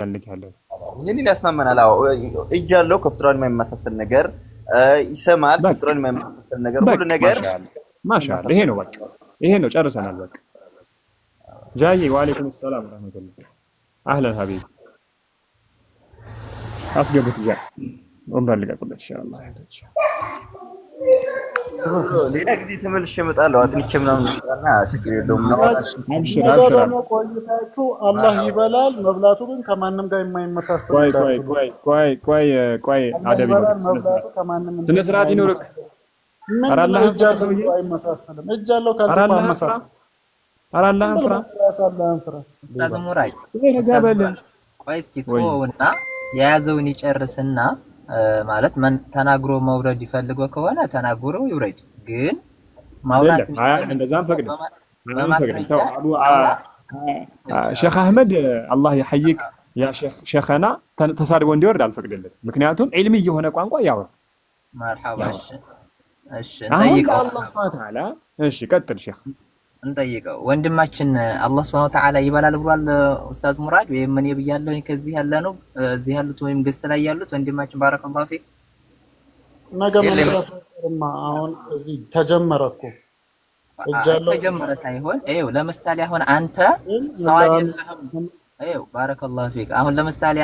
ፈልጋለሁ እኔ ሊያስማመናል። አዎ እጅ ያለው ከፍጡራን የማይመሳሰል ነገር ይሰማል። ከፍጡራን የማይመሳሰል ነገር ሁሉ ነገር ማሻል። ይሄ ነው በቃ ይሄ ነው ጨርሰናል። በቃ ጃዬ፣ ዋሌኩም ሰላም ረመቱላ። አህለን ሀቢብ አስገቡት። ጃ ወንበር ልቀቁለት። ይሻላል ሌላ ጊዜ ተመልሼ እመጣለሁ። አጥንቼ ምናምን እና ችግር የለውም። ቆይታችሁ አላህ ይበላል። መብላቱ ግን ከማንም ጋር የማይመሳሰል ስነ ስርዓት አይመሳሰልም። እጅ አለው አመሳሰል ፍራ፣ ቆይ እስኪ የያዘውን ይጨርስና ማለት ተናግሮ መውረድ ይፈልገው ከሆነ ተናግሮ ይውረድ። ግን ማውራት ፈቅድ ሼክ አህመድ አላህ የሐይቅ ያ ሸኸና ተሳድቦ እንዲወርድ አልፈቅድለትም። ምክንያቱም ዒልሚ የሆነ ቋንቋ ያወራ። መርሐባ። እሺ፣ እንጠይቀው አላህ ሱብሓነሁ ወተዓላ። እሺ፣ ቀጥል ሼክ እንጠይቀው ወንድማችን አላህ ስብሐ ወተዓላ ይበላል ብሏል። ኡስታዝ ሙራድ ወይም እኔ ብያለሁ። ከዚህ ያለ ነው እዚህ ያሉት ወይም ገዝት ላይ ያሉት ወንድማችን ባረከላሁ ፊክ ነገ መንገርማ አሁን እዚህ ተጀመረ እኮ ተጀመረ ሳይሆን ይኸው ለምሳሌ አሁን አንተ ሰው አይደለህም። ይኸው ባረከላሁ ፊክ አሁን ለምሳሌ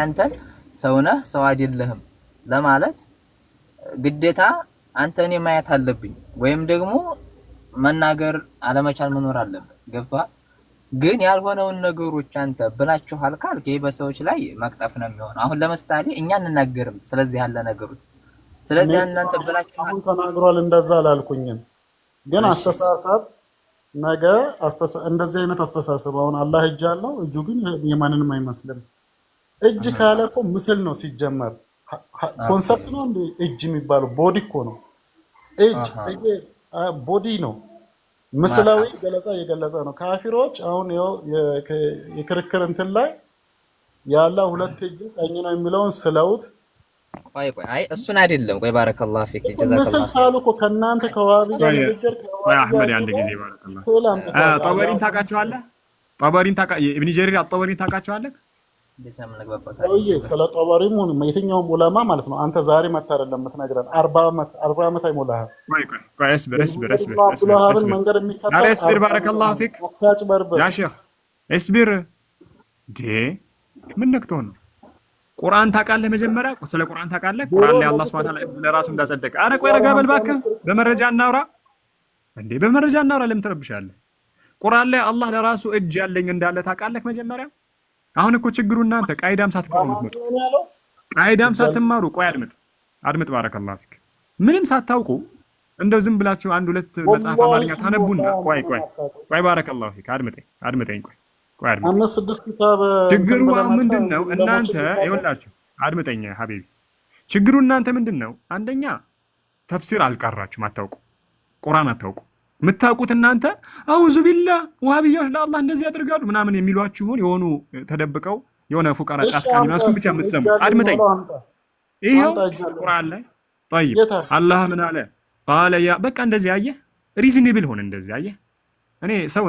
ሰው ነህ ሰው አይደለህም ለማለት ግዴታ አንተ እኔ ማየት አለብኝ ወይም ደግሞ መናገር አለመቻል መኖር አለበት። ገብቷል። ግን ያልሆነውን ነገሮች አንተ ብላችኋል ካልክ ይህ በሰዎች ላይ መቅጠፍ ነው የሚሆነው። አሁን ለምሳሌ እኛ እንናገርም ስለዚህ ያለ ነገሮች ስለዚህ እናንተ ብላችኋል ተናግሯል። እንደዛ አላልኩኝም፣ ግን አስተሳሰብ ነገ እንደዚህ አይነት አስተሳሰብ አሁን አላህ እጅ አለው። እጁ ግን የማንንም አይመስልም። እጅ ካለ እኮ ምስል ነው ሲጀመር፣ ኮንሰፕት ነው እንደ እጅ የሚባለው ቦዲ እኮ ነው። እጅ ቦዲ ነው ምስላዊ ገለጻ እየገለጸ ነው። ካፊሮች አሁን የክርክር እንትን ላይ ያለ ሁለት እጅ ቀኝ ነው የሚለውን ስለውት ቆይ ቆይ፣ አይ እሱን አይደለም። ቆይ ባረከላሁ ፊክ ጀዛከላሁ። ምስል ሳሉ እኮ ከእናንተ ከዋቢ ቆይ አህመድ፣ አንድ ጊዜ ባረከላሁ። ጠበሪን ታውቃቸዋለህ? ጠበሪን ታውቃ ኢብኒ ጀሪር አጠበሪን ታውቃቸዋለህ? ስለ ጦበሪ የትኛውም ዑለማ ማለት ነው። አንተ ዛሬ መታ አይደለም የምትነግረን፣ አርባ ዓመት አይሞላህም። አቡለሀብን መንገድ የሚከተል ያ ምን ነክቶ ነው? ቁርአን ታውቃለህ? መጀመሪያ ስለ ቁርአን ታውቃለህ? ቁርአን ላይ አላህ ስብሐት ለራሱ እንዳጸደቀ። አረ ቆይ ረጋ በል እባክህ፣ በመረጃ እናውራ እንዴ፣ በመረጃ እናውራ። ለምን ትረብሻለህ? ቁርአን ላይ አላህ ለራሱ እጅ ያለኝ እንዳለ ታውቃለህ መጀመሪያ አሁን እኮ ችግሩ እናንተ ቃይዳም ሳትቀሩ ምትመጡ ቃይዳም ሳትማሩ ቆይ አድምጥ አድምጥ ባረከላ ፊክ ምንም ሳታውቁ እንደው ዝም ብላችሁ አንድ ሁለት መጽሐፍ አማርኛ ታነቡና ቆይ ቆይ ቆይ ባረከላ ፊክ አድምጠኝ አድምጠኝ ቆይ ቆይ አድምጥ አምስት ስድስት ኪታብ ችግሩ አሁን ምንድን ነው እናንተ ይኸውላችሁ አድምጠኝ ሀቢቢ ችግሩ እናንተ ምንድን ነው አንደኛ ተፍሲር አልቀራችሁም አታውቁ ቁርአን አታውቁ የምታውቁት እናንተ አውዙ ቢላ ውሃብያዎች ለአላህ እንደዚህ ያደርጋሉ ምናምን የሚሏችሁን የሆኑ ተደብቀው የሆነ ፉቃራ ጫፍቃ እሱን ብቻ የምትሰሙ አድምጠኝ። ይኸው ቁርአን ላይ ጠይብ አላህ ምን አለ? ቃለ ያ በቃ እንደዚህ አየ ሪዝኒብል ሆነ እንደዚህ አየ። እኔ ሰው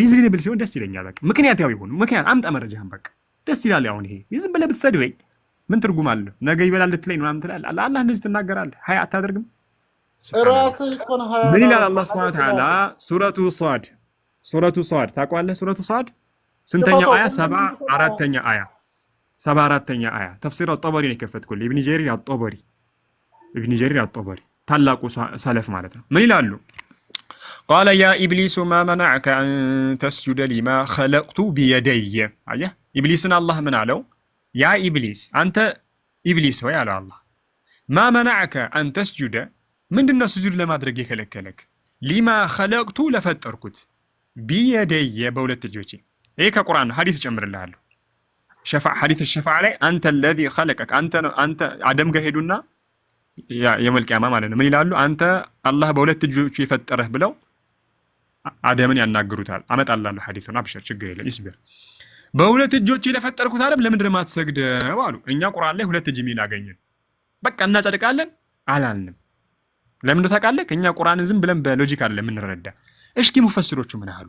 ሪዝኒብል ሲሆን ደስ ይለኛል። በቃ ምክንያት ያው ሆኑ። ምክንያት አምጣ መረጃህን በቃ ደስ ይላል። አሁን ይሄ ዝም ብለህ ብትሰድበኝ ምን ትርጉም አለው? ነገ ይበላል ልትለኝ ምናምን ትላለህ። አላህ እንደዚህ ትናገራለህ። ሀያ አታደርግም ምን ይላል አላህ ስብሐነ ወተዓላ ሱረቱ ሷድ ሱረቱ ሷድ ታውቀዋለህ? ሱረቱ ሷድ ስንተኛ አያ? ሰባ አራተኛ አያ ሰባ አራተኛ አያ ተፍሲር አጦበሪ ነው የከፈትኩልህ። ኢብኒ ጀሪር አጦበሪ ኢብኒ ጀሪር አጦበሪ ታላቁ ሰለፍ ማለት ነው። ምን ይላሉ? ቃለ ያ ኢብሊሱ ማ መናዕከ አን ሊማ ኸለቅቱ ቢየደየ። አየህ ኢብሊስን አላህ ምን አለው? ያ ኢብሊስ አንተ ኢብሊስ ወይ አለው አላህ ማ መናዕከ አን ምንድን ነው ስጁድ ለማድረግ የከለከለክ? ሊማ ኸለቅቱ ለፈጠርኩት፣ ቢየደየ በሁለት እጆቼ። ይህ ከቁርአን ነው። ሀዲስ እጨምርልሃለሁ። ሐዲስ ሸፋ ላይ አንተ ለዚ ኸለቀክ አንተ አደም ጋር ሄዱና የመልቅያማ ማለት ነው ምን ይላሉ? አንተ አላህ በሁለት እጆቹ የፈጠረህ ብለው አደምን ያናግሩታል። አመጣላሉ ሀዲሱን። አብሽር፣ ችግር የለም ይስብር። በሁለት እጆች ለፈጠርኩት አለም ለምንድን ነው የማትሰግደው አሉ። እኛ ቁርአን ላይ ሁለት እጅ ሚን አገኘን። በቃ እናጸድቃለን አላልንም። ለምን ታውቃለህ? እኛ ቁርአን ዝም ብለን በሎጂክ አይደለም የምንረዳ። እሽኪ ሙፈስሮቹ ምን አሉ?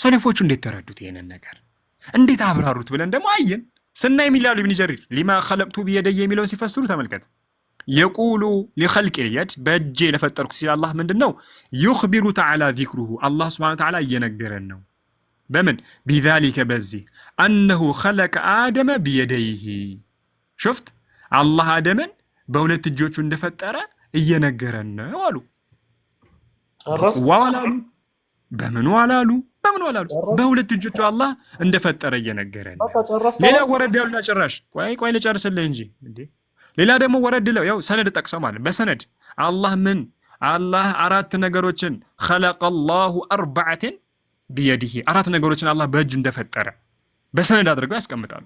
ሰለፎቹ እንዴት ተረዱት? ይሄንን ነገር እንዴት አብራሩት? ብለን ደግሞ አየን ስናይ የሚላሉ ኢብን ጀሪር ሊማ ኸለቅቱ ብየደየ የሚለውን ሲፈስሩ ተመልከት። የቁሉ ሊኸልቅ ልየድ በእጄ ለፈጠርኩት ሲል አላህ ምንድን ነው ዩኽቢሩ ተዓላ ዚክሩሁ አላህ ስብሐነሁ ተዓላ እየነገረን ነው። በምን ቢዛሊከ በዚህ አነሁ ኸለቀ አደመ ብየደይሂ ሾፍት አላህ አደምን በሁለት እጆቹ እንደፈጠረ እየነገረን ነው አሉ። ዋው በምኑ አላሉ፣ በምኑ አላሉ። በሁለት እጆቹ አላህ እንደፈጠረ እየነገረን ነው። ሌላ ወረድ ያሉና ጭራሽ ቆይ ቆይ ልጨርስልህ እንጂ እንዴ ሌላ ደግሞ ወረድ ለው ያው ሰነድ ጠቅሰው ማለት በሰነድ አላህ ምን አላህ አራት ነገሮችን ኸለቀ ላሁ አርባዓትን ብየድሂ አራት ነገሮችን አላህ በእጁ እንደፈጠረ በሰነድ አድርገው ያስቀምጣሉ።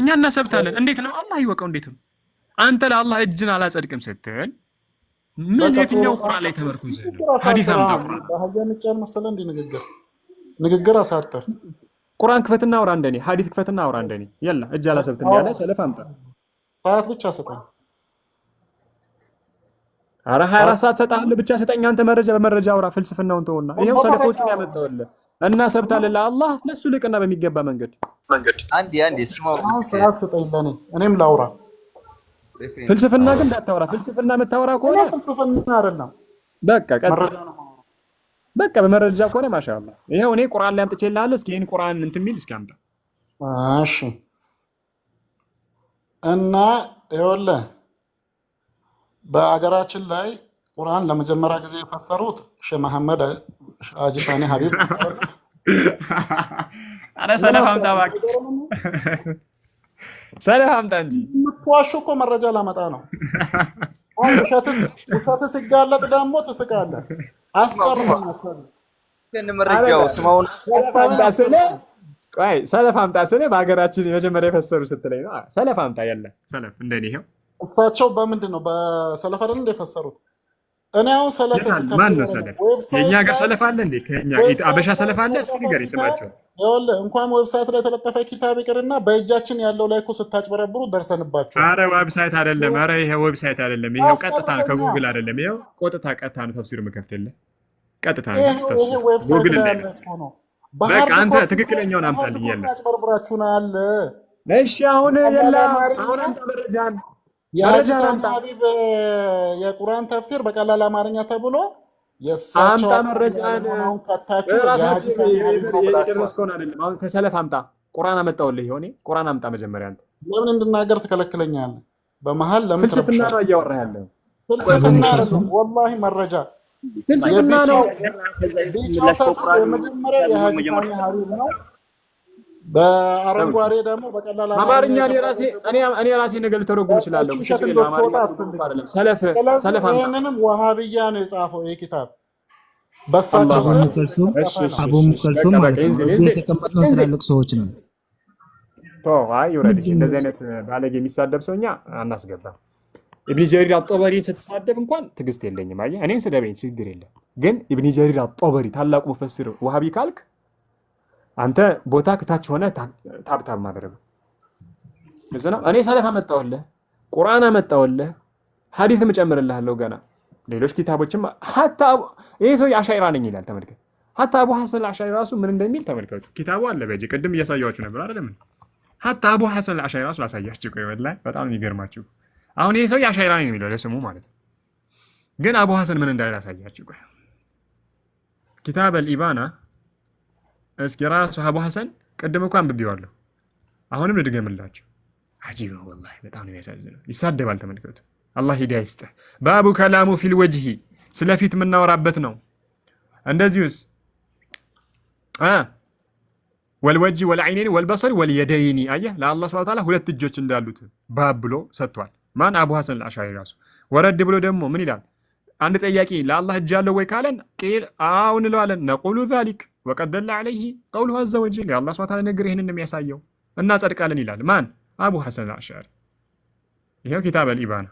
እኛ እናሰብታለን። እንዴት ነው አላህ ይወቀው፣ እንዴት ነው አንተ ለአላህ እጅን አላጸድቅም ስትል ምን የትኛው ቁራ ላይ ተመርኩዘ ነው? ሐዲስ መሰለ እንደ ንግግር ንግግር አሳጠር ቁርአን ክፈትና አውራ እንደኔ፣ ሐዲስ ክፈትና አውራ እንደኔ። የላ እጅ አላሰብት ያለ ሰለፍ አምጣ። ሰዓት ብቻ ሰጠኝ። አረ ሀያ አራት ሰዓት ሰጠሃለሁ ብቻ ሰጠኝ። አንተ መረጃ በመረጃ አውራ፣ ፍልስፍናውን ተውና፣ ይኸው ሰለፎቹን ያመጣሁልህ እና ሰብታል ለአላህ ለሱ ልቅና በሚገባ መንገድ መንገድ አንዴ አንዴ ስማው ሰዓት ሰጠኝ ለኔ እኔም ላውራ ፍልስፍና ግን እንዳታወራ። ፍልስፍና የምታወራ ከሆነ ፍልስፍና አይደለም። በቃ በቃ በመረጃ ከሆነ ማሻአላ። ይሄው እኔ ቁርአን ላይ አምጥቼልሃለሁ። እስኪ ይሄን ቁርአን እንትን የሚል እስኪ አምጣ። እሺ እና ይኸውልህ በአገራችን ላይ ቁርአን ለመጀመሪያ ጊዜ የፈሰሩት ሼህ መሐመድ አጂሳኒ ሀቢብ ሰላም ታንጂ እንጂ እኮ መረጃ ላመጣ ነው። ውሸት ሲጋለጥ ደግሞ ትስቃለ። አስቀርሰኝ ሰለፍ አምጣ ስለ በሀገራችን የመጀመሪያ የፈሰሩ ስትለኝ ነው። ሰለፍ አምጣ ያለ ሰለፍ እንደኔ ይኸው እሳቸው በምንድን ነው በሰለፍ አይደል እንደፈሰሩት እኔ አሁን ሰለፍ ማን ነው ሰለፍ? የእኛ ሀገር ሰለፍ አለ እንዴ? ከኛ አበሻ ሰለፍ አለ? እስኪ ንገረኝ ስማቸው ይኸውልህ እንኳን ዌብሳይት ላይ የተለጠፈ ኪታብ ይቅርና በእጃችን ያለው ላይ እኮ ስታጭበረብሩ ደርሰንባቸው። አረ ዌብሳይት አይደለም፣ አረ ይሄ ዌብሳይት አይደለም። ይሄው ቀጥታ ከጉግል አይደለም። ይሄው ቆጥታ ቀጥታ ነው ተፍሲር የምከፍትልህ ቀጥታ ነው፣ ጉግል ላይ ነው። በቃ አንተ ትክክለኛውን አምጣልኝ ያለ አለ። እሺ አሁን የለም አሁን አምጣ መረጃን። የሀጂ ሀቢብ የቁርአን ተፍሲር በቀላል አማርኛ ተብሎ የእሳቸው መረጃን የደረስከውን አይደለም። አሁን ከሰለፍ አምጣ፣ ቁርአን አመጣውልህ የሆነ ቁርአን አምጣ። መጀመሪያ አንተ ለምን እንድናገር ትከለክለኛለህ? በመሀል ለምን ፍልስፍና ነው እያወራህ ያለው? ፍልስፍና ወላሂ መረጃ ፍልስፍና ነው። ቢጫ ፈርስ የመጀመሪያ የሀጂ ሀሪር ነው። በአረንጓዴ ደግሞ በቀላል አማርኛ እኔ ራሴ እኔ ራሴ ነገር ልተረጉም እችላለሁ። ሰለፍ ሰለፍ ይህንንም ወሃብያ ነው የጻፈው ይህ ኪታብ በሳቸው አቡ ሙከልሱም ማለት ነው። እዚህ የተቀመጥነው ትላልቅ ሰዎች ነው። አይ ይውረድ። እንደዚህ አይነት ባለጌ የሚሳደብ ሰውኛ አናስገባም። ኢብኒ ጀሪር አጦበሪ ስትሳደብ እንኳን ትግስት የለኝም። አየህ እኔን ስደበኝ ችግር የለም። ግን ኢብኒ ጀሪር አጦበሪ ታላቁ መፈስር ወሃቢ ካልክ አንተ ቦታ ክታች ሆነ ታብታብ ማድረግ ግልጽ ነው። እኔ ሰለፍ አመጣሁልህ፣ ቁርአን አመጣሁልህ፣ ሀዲትም እጨምርልሃለሁ ገና ሌሎች ኪታቦችም ሀታ ይሄ ሰው አሻይራ ነኝ ይላል። ተመልከት ሀታ አቡ ሐሰን አልአሻሪ ራሱ ምን እንደሚል ተመልከቱ። ኪታቡ አለ በእጄ ቅድም እያሳያችሁ ነበር አይደለም? ሀታ አቡ ሐሰን አልአሻሪ ራሱ ላሳያችሁ። ቆይ ወላሂ በጣም የሚገርማችሁ አሁን ይሄ ሰው አሻይራ ነኝ የሚለው ለስሙ ማለት ነው። ግን አቡ ሐሰን ምን እንዳለ ላሳያችሁ። ቆይ ኪታብ አልኢባና እስኪ ራሱ አቡ ሐሰን ቅድም እኮ አንብቤዋለሁ። አሁንም ልድገምላቸው። አጂብ ነው ወላሂ፣ በጣም ነው የሚያሳዝነው። ይሳደባል። ተመልከቱ። አላህ ሂዳያ ይስጥህ። ባቡ ከላሙ ፊል ወጅሂ፣ ስለፊት የምናወራበት ነው። እንደዚሁስ ወልወጅ ወልአይኔን ወልበሰር ወልየደይኒ አየህ፣ ለአላህ ሱብሓነሁ ወተዓላ ሁለት እጆች እንዳሉት ባብ ብሎ ሰጥቷል። ማን አቡ ሐሰን አልአሻሪ ራሱ። ወረድ ብሎ ደግሞ ምን ይላል? አንድ ጠያቂ ለአላህ እጅ አለው ወይ ካለን ቂል አዎ እንለዋለን። ነቁሉ ዛሊክ ወቀድ ደለ ዐለይሂ ቀውሉሁ አዘ ወጀል የአላህ ሱብሓነሁ ወተዓላ ንግግር ይህንን የሚያሳየው እናጸድቃለን ይላል። ማን? አቡ ሐሰን አልአሽዓሪ ይኸው ኪታበል ኢባና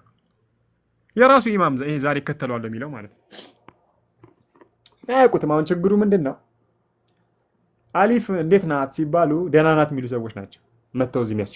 የራሱ ኢማም ይሄ ዛሬ ይከተለዋል የሚለው ማለት ነው። አያውቁትም። አሁን ችግሩ ምንድን ነው? አሊፍ እንዴት ናት ሲባሉ ደህና ናት የሚሉ ሰዎች ናቸው መጥተው እዚህ የሚያስቸግሩ